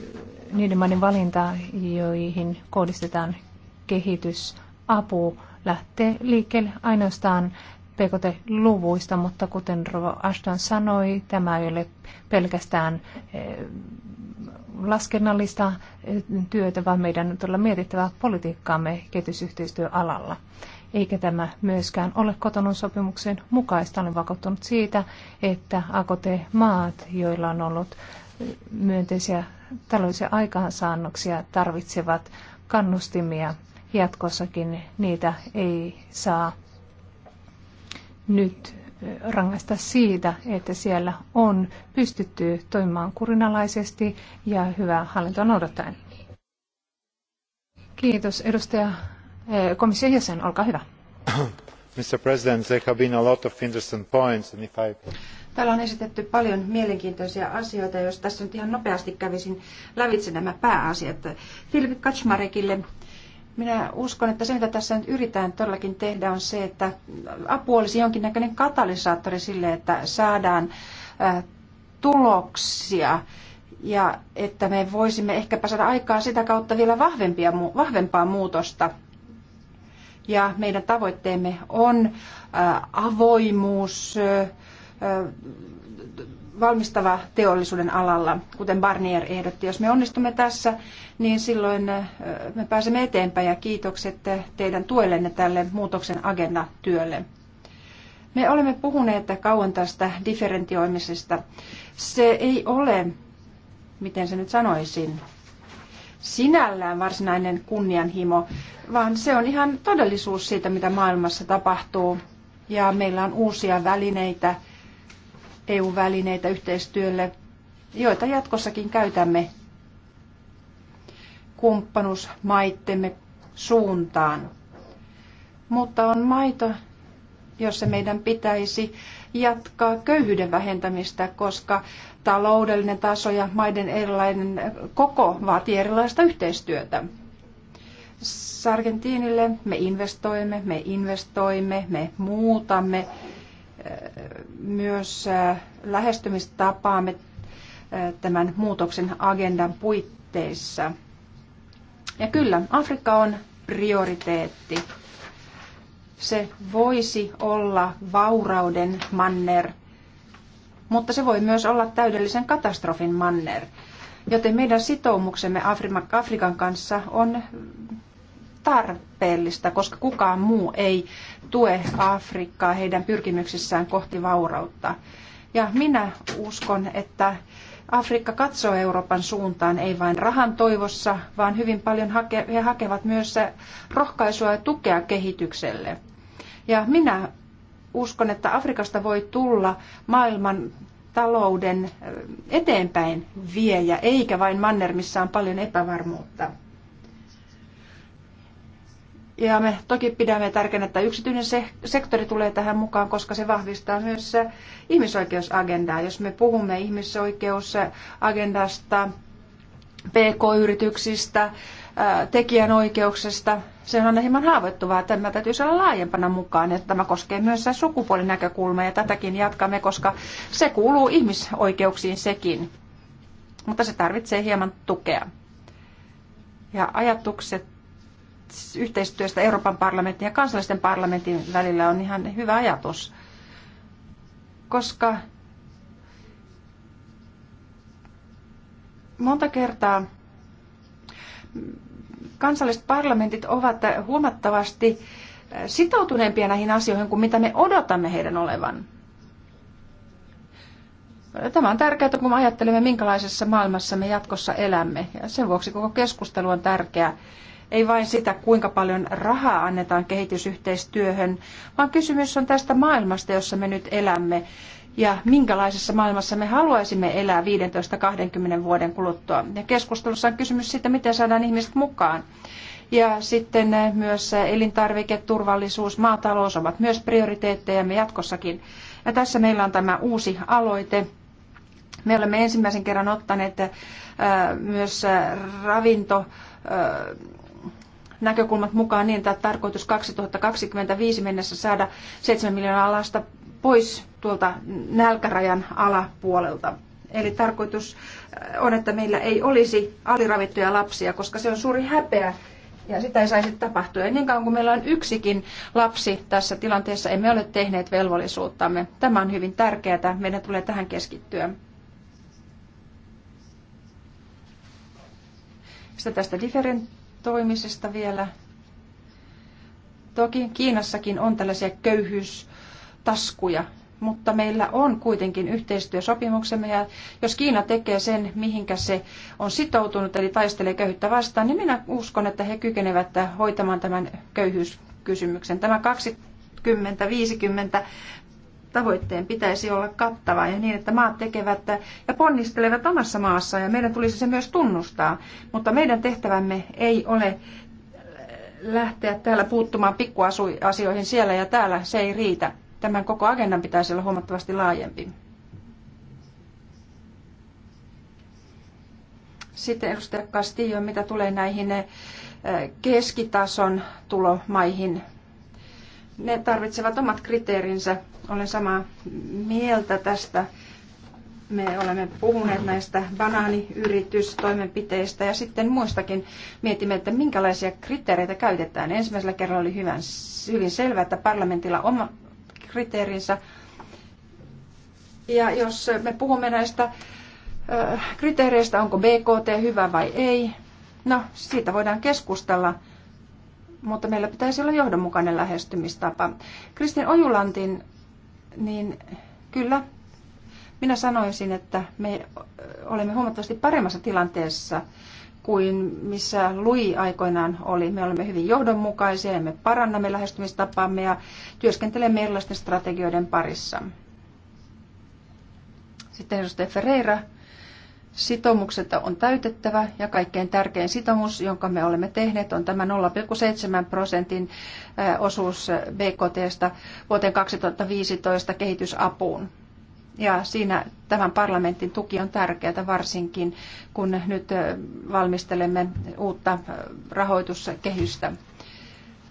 niiden maiden valinta, joihin kohdistetaan kehitysapu, lähtee liikkeelle ainoastaan PKT-luvuista, mutta kuten Rova Ashton sanoi, tämä ei ole pelkästään eh, laskennallista eh, työtä, vaan meidän on todella mietittävä politiikkaamme kehitysyhteistyöalalla. Eikä tämä myöskään ole kotonun sopimuksen mukaista. Olen vakuuttunut siitä, että AKT-maat, joilla on ollut eh, myönteisiä taloudellisia aikaansaannoksia, tarvitsevat kannustimia jatkossakin. Niitä ei saa nyt rangaista siitä, että siellä on pystytty toimimaan kurinalaisesti ja hyvää hallintoa noudattaen. Kiitos. Edustaja eh, komission jäsen, olkaa hyvä. <coughs> Mr. President, there have been a lot of interesting points, and if I... Täällä on esitetty paljon mielenkiintoisia asioita, jos tässä nyt ihan nopeasti kävisin lävitse nämä pääasiat. Filip Kaczmarekille minä uskon, että se mitä tässä nyt yritetään todellakin tehdä on se, että apu olisi jonkinnäköinen katalysaattori sille, että saadaan tuloksia ja että me voisimme ehkäpä saada aikaa sitä kautta vielä vahvempia, vahvempaa muutosta. Ja meidän tavoitteemme on avoimuus, valmistava teollisuuden alalla, kuten Barnier ehdotti. Jos me onnistumme tässä, niin silloin me pääsemme eteenpäin ja kiitokset teidän tuellenne tälle muutoksen agenda-työlle. Me olemme puhuneet kauan tästä differentioimisesta. Se ei ole, miten se nyt sanoisin, sinällään varsinainen kunnianhimo, vaan se on ihan todellisuus siitä, mitä maailmassa tapahtuu. Ja meillä on uusia välineitä, EU-välineitä yhteistyölle, joita jatkossakin käytämme kumppanuusmaittemme suuntaan. Mutta on maita, jossa meidän pitäisi jatkaa köyhyyden vähentämistä, koska taloudellinen taso ja maiden erilainen koko vaatii erilaista yhteistyötä. Sargentiinille me investoimme, me investoimme, me muutamme myös lähestymistapaamme tämän muutoksen agendan puitteissa. Ja kyllä, Afrikka on prioriteetti. Se voisi olla vaurauden manner, mutta se voi myös olla täydellisen katastrofin manner. Joten meidän sitoumuksemme Afrikan kanssa on tarpeellista, koska kukaan muu ei tue Afrikkaa heidän pyrkimyksissään kohti vaurautta. Ja minä uskon, että Afrikka katsoo Euroopan suuntaan ei vain rahan toivossa, vaan hyvin paljon hake, he hakevat myös rohkaisua ja tukea kehitykselle. Ja minä uskon, että Afrikasta voi tulla maailman talouden eteenpäin viejä, eikä vain manner, missä on paljon epävarmuutta. Ja me toki pidämme tärkeänä, että yksityinen sektori tulee tähän mukaan, koska se vahvistaa myös äh, ihmisoikeusagendaa. Jos me puhumme ihmisoikeusagendasta, PK-yrityksistä, äh, tekijänoikeuksesta, Se on aina hieman haavoittuvaa. Tämä täytyy olla laajempana mukaan, että tämä koskee myös sukupuolinäkökulmaa ja tätäkin jatkamme, koska se kuuluu ihmisoikeuksiin sekin. Mutta se tarvitsee hieman tukea. Ja ajatukset yhteistyöstä Euroopan parlamentin ja kansallisten parlamentin välillä on ihan hyvä ajatus, koska monta kertaa kansalliset parlamentit ovat huomattavasti sitoutuneempia näihin asioihin kuin mitä me odotamme heidän olevan. Tämä on tärkeää, kun ajattelemme, minkälaisessa maailmassa me jatkossa elämme. Ja sen vuoksi koko keskustelu on tärkeää ei vain sitä, kuinka paljon rahaa annetaan kehitysyhteistyöhön, vaan kysymys on tästä maailmasta, jossa me nyt elämme ja minkälaisessa maailmassa me haluaisimme elää 15-20 vuoden kuluttua. Ja keskustelussa on kysymys siitä, miten saadaan ihmiset mukaan. Ja sitten myös elintarviketurvallisuus, maatalous ovat myös prioriteettejamme jatkossakin. Ja tässä meillä on tämä uusi aloite. Me olemme ensimmäisen kerran ottaneet äh, myös äh, ravinto äh, näkökulmat mukaan niin, että tarkoitus 2025 mennessä saada 7 miljoonaa lasta pois tuolta nälkärajan alapuolelta. Eli tarkoitus äh, on, että meillä ei olisi aliravittuja lapsia, koska se on suuri häpeä ja sitä ei saisi tapahtua. Ja niin kauan kuin meillä on yksikin lapsi tässä tilanteessa, emme ole tehneet velvollisuuttamme. Tämä on hyvin tärkeää. Meidän tulee tähän keskittyä. Sitten tästä different toimisesta vielä. Toki Kiinassakin on tällaisia köyhyystaskuja, mutta meillä on kuitenkin yhteistyösopimuksemme ja jos Kiina tekee sen, mihinkä se on sitoutunut, eli taistelee köyhyyttä vastaan, niin minä uskon, että he kykenevät hoitamaan tämän köyhyyskysymyksen. Tämä 20-50 tavoitteen pitäisi olla kattava ja niin, että maat tekevät ja ponnistelevat omassa maassa ja meidän tulisi se myös tunnustaa. Mutta meidän tehtävämme ei ole lähteä täällä puuttumaan pikkuasioihin siellä ja täällä. Se ei riitä. Tämän koko agendan pitäisi olla huomattavasti laajempi. Sitten edustaja Castillo, mitä tulee näihin eh, keskitason tulomaihin, ne tarvitsevat omat kriteerinsä. Olen samaa mieltä tästä. Me olemme puhuneet näistä banaaniyritystoimenpiteistä ja sitten muistakin mietimme, että minkälaisia kriteereitä käytetään. Ensimmäisellä kerralla oli hyvän, hyvin selvää, että parlamentilla oma kriteerinsä. Ja jos me puhumme näistä kriteereistä, onko BKT hyvä vai ei, no siitä voidaan keskustella – mutta meillä pitäisi olla johdonmukainen lähestymistapa. Kristin Ojulantin, niin kyllä, minä sanoisin, että me olemme huomattavasti paremmassa tilanteessa kuin missä Lui aikoinaan oli. Me olemme hyvin johdonmukaisia ja me parannamme lähestymistapaamme ja työskentelemme erilaisten strategioiden parissa. Sitten edustaja Ferreira Sitoumukset on täytettävä ja kaikkein tärkein sitoumus, jonka me olemme tehneet, on tämä 0,7 prosentin osuus BKTstä vuoteen 2015 kehitysapuun. Ja siinä tämän parlamentin tuki on tärkeää varsinkin, kun nyt valmistelemme uutta rahoituskehystä.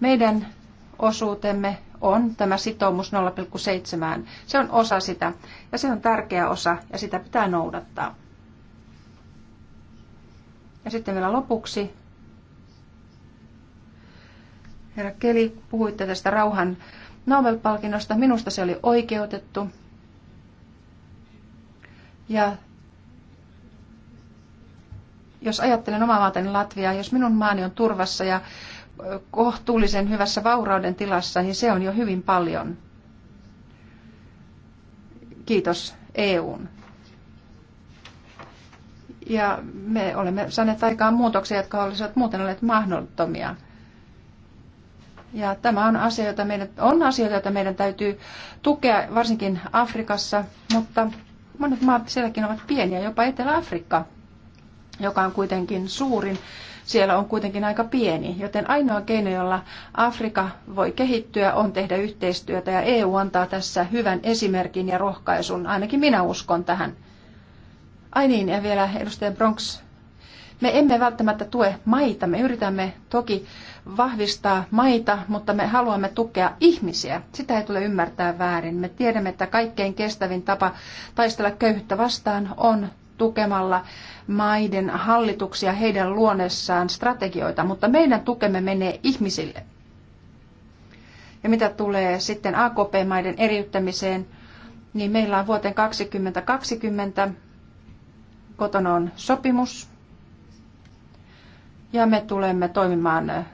Meidän osuutemme on tämä sitoumus 0,7. Se on osa sitä ja se on tärkeä osa ja sitä pitää noudattaa. Ja sitten vielä lopuksi. Herra Keli, puhuitte tästä rauhan Nobel-palkinnosta. Minusta se oli oikeutettu. Ja jos ajattelen omaa maatani Latviaa, jos minun maani on turvassa ja kohtuullisen hyvässä vaurauden tilassa, niin se on jo hyvin paljon. Kiitos EUn ja me olemme saaneet aikaan muutoksia, jotka olisivat muuten olleet mahdottomia. Ja tämä on asia, jota meidän, on asioita, joita meidän täytyy tukea, varsinkin Afrikassa, mutta monet maat sielläkin ovat pieniä, jopa Etelä-Afrikka, joka on kuitenkin suurin, siellä on kuitenkin aika pieni. Joten ainoa keino, jolla Afrika voi kehittyä, on tehdä yhteistyötä ja EU antaa tässä hyvän esimerkin ja rohkaisun. Ainakin minä uskon tähän. Ai niin, ja vielä edustaja Bronx. Me emme välttämättä tue maita, me yritämme toki vahvistaa maita, mutta me haluamme tukea ihmisiä. Sitä ei tule ymmärtää väärin. Me tiedämme, että kaikkein kestävin tapa taistella köyhyyttä vastaan on tukemalla maiden hallituksia heidän luonessaan strategioita, mutta meidän tukemme menee ihmisille. Ja mitä tulee sitten AKP-maiden eriyttämiseen, niin meillä on vuoteen 2020 kotona on sopimus ja me tulemme toimimaan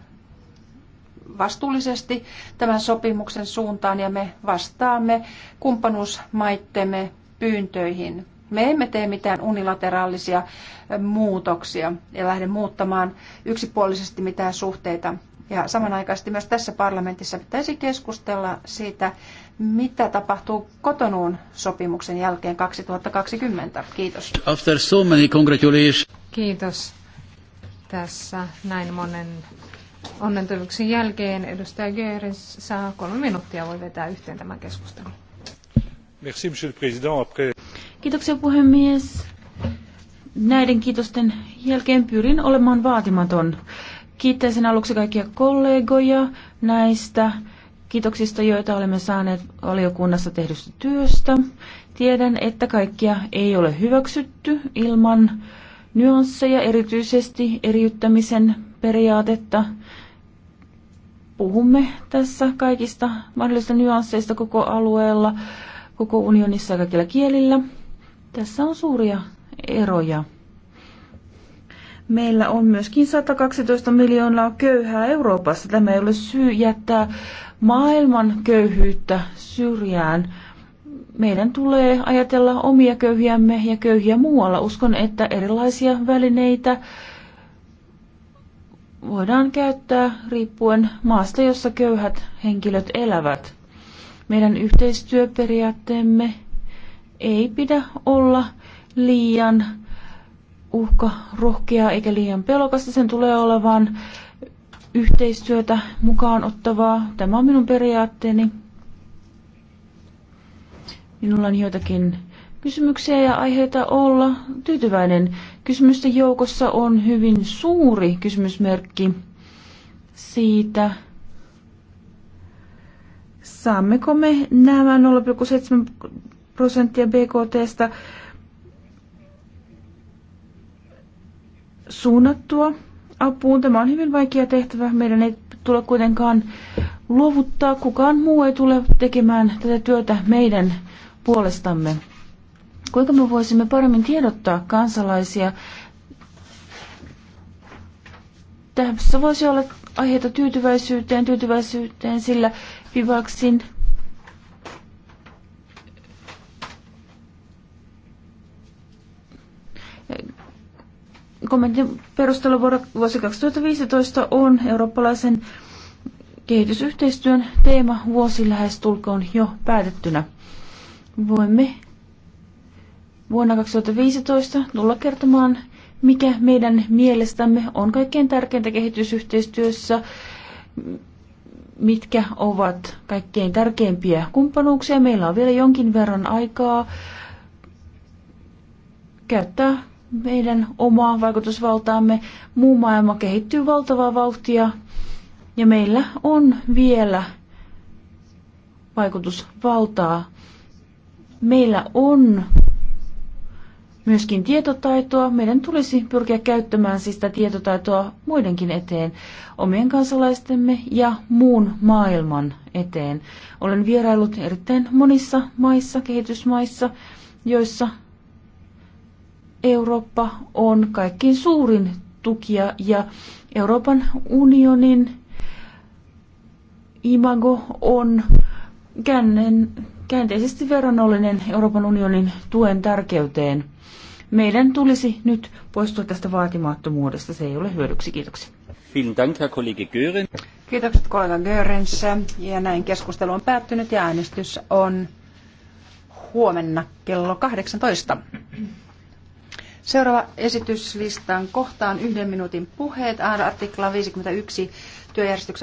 vastuullisesti tämän sopimuksen suuntaan ja me vastaamme kumppanuusmaittemme pyyntöihin. Me emme tee mitään unilateraalisia muutoksia ja lähde muuttamaan yksipuolisesti mitään suhteita. Ja samanaikaisesti myös tässä parlamentissa pitäisi keskustella siitä, mitä tapahtuu kotonuun sopimuksen jälkeen 2020. Kiitos. After so many congratulations. Kiitos. Tässä näin monen onnentoivuksen jälkeen edustaja Görens saa kolme minuuttia, voi vetää yhteen tämän keskustelun. Merci, monsieur le président. Après... Kiitoksia puhemies. Näiden kiitosten jälkeen pyrin olemaan vaatimaton. Kiittäisin aluksi kaikkia kollegoja näistä kiitoksista, joita olemme saaneet valiokunnassa tehdystä työstä. Tiedän, että kaikkia ei ole hyväksytty ilman nyansseja, erityisesti eriyttämisen periaatetta. Puhumme tässä kaikista mahdollisista nyansseista koko alueella, koko unionissa ja kaikilla kielillä. Tässä on suuria eroja meillä on myöskin 112 miljoonaa köyhää Euroopassa. Tämä ei ole syy jättää maailman köyhyyttä syrjään. Meidän tulee ajatella omia köyhiämme ja köyhiä muualla. Uskon, että erilaisia välineitä voidaan käyttää riippuen maasta, jossa köyhät henkilöt elävät. Meidän yhteistyöperiaatteemme ei pidä olla liian uhka rohkea eikä liian pelokasta. Sen tulee olevan yhteistyötä mukaan ottavaa. Tämä on minun periaatteeni. Minulla on joitakin kysymyksiä ja aiheita olla tyytyväinen. Kysymysten joukossa on hyvin suuri kysymysmerkki siitä, saammeko me nämä 0,7 prosenttia BKTstä suunnattua apuun. Tämä on hyvin vaikea tehtävä. Meidän ei tule kuitenkaan luovuttaa. Kukaan muu ei tule tekemään tätä työtä meidän puolestamme. Kuinka me voisimme paremmin tiedottaa kansalaisia? Tässä voisi olla aiheita tyytyväisyyteen, tyytyväisyyteen, sillä Vivaksin kommentin perusteella vuosi 2015 on eurooppalaisen kehitysyhteistyön teema vuosi lähestulkoon jo päätettynä. Voimme vuonna 2015 tulla kertomaan, mikä meidän mielestämme on kaikkein tärkeintä kehitysyhteistyössä, mitkä ovat kaikkein tärkeimpiä kumppanuuksia. Meillä on vielä jonkin verran aikaa käyttää meidän omaa vaikutusvaltaamme. Muu maailma kehittyy valtavaa vauhtia ja meillä on vielä vaikutusvaltaa. Meillä on myöskin tietotaitoa. Meidän tulisi pyrkiä käyttämään siis sitä tietotaitoa muidenkin eteen, omien kansalaistemme ja muun maailman eteen. Olen vierailut erittäin monissa maissa, kehitysmaissa, joissa Eurooppa on kaikkein suurin tukija ja Euroopan unionin imago on kännen, käänteisesti verrannollinen Euroopan unionin tuen tärkeyteen. Meidän tulisi nyt poistua tästä vaatimattomuudesta. Se ei ole hyödyksi. Kiitoksia. Kiitokset kollega Görens. Ja näin keskustelu on päättynyt ja äänestys on huomenna kello 18. Seuraava esityslistan kohtaan yhden minuutin puheet, artikla 51 työjärjestyksen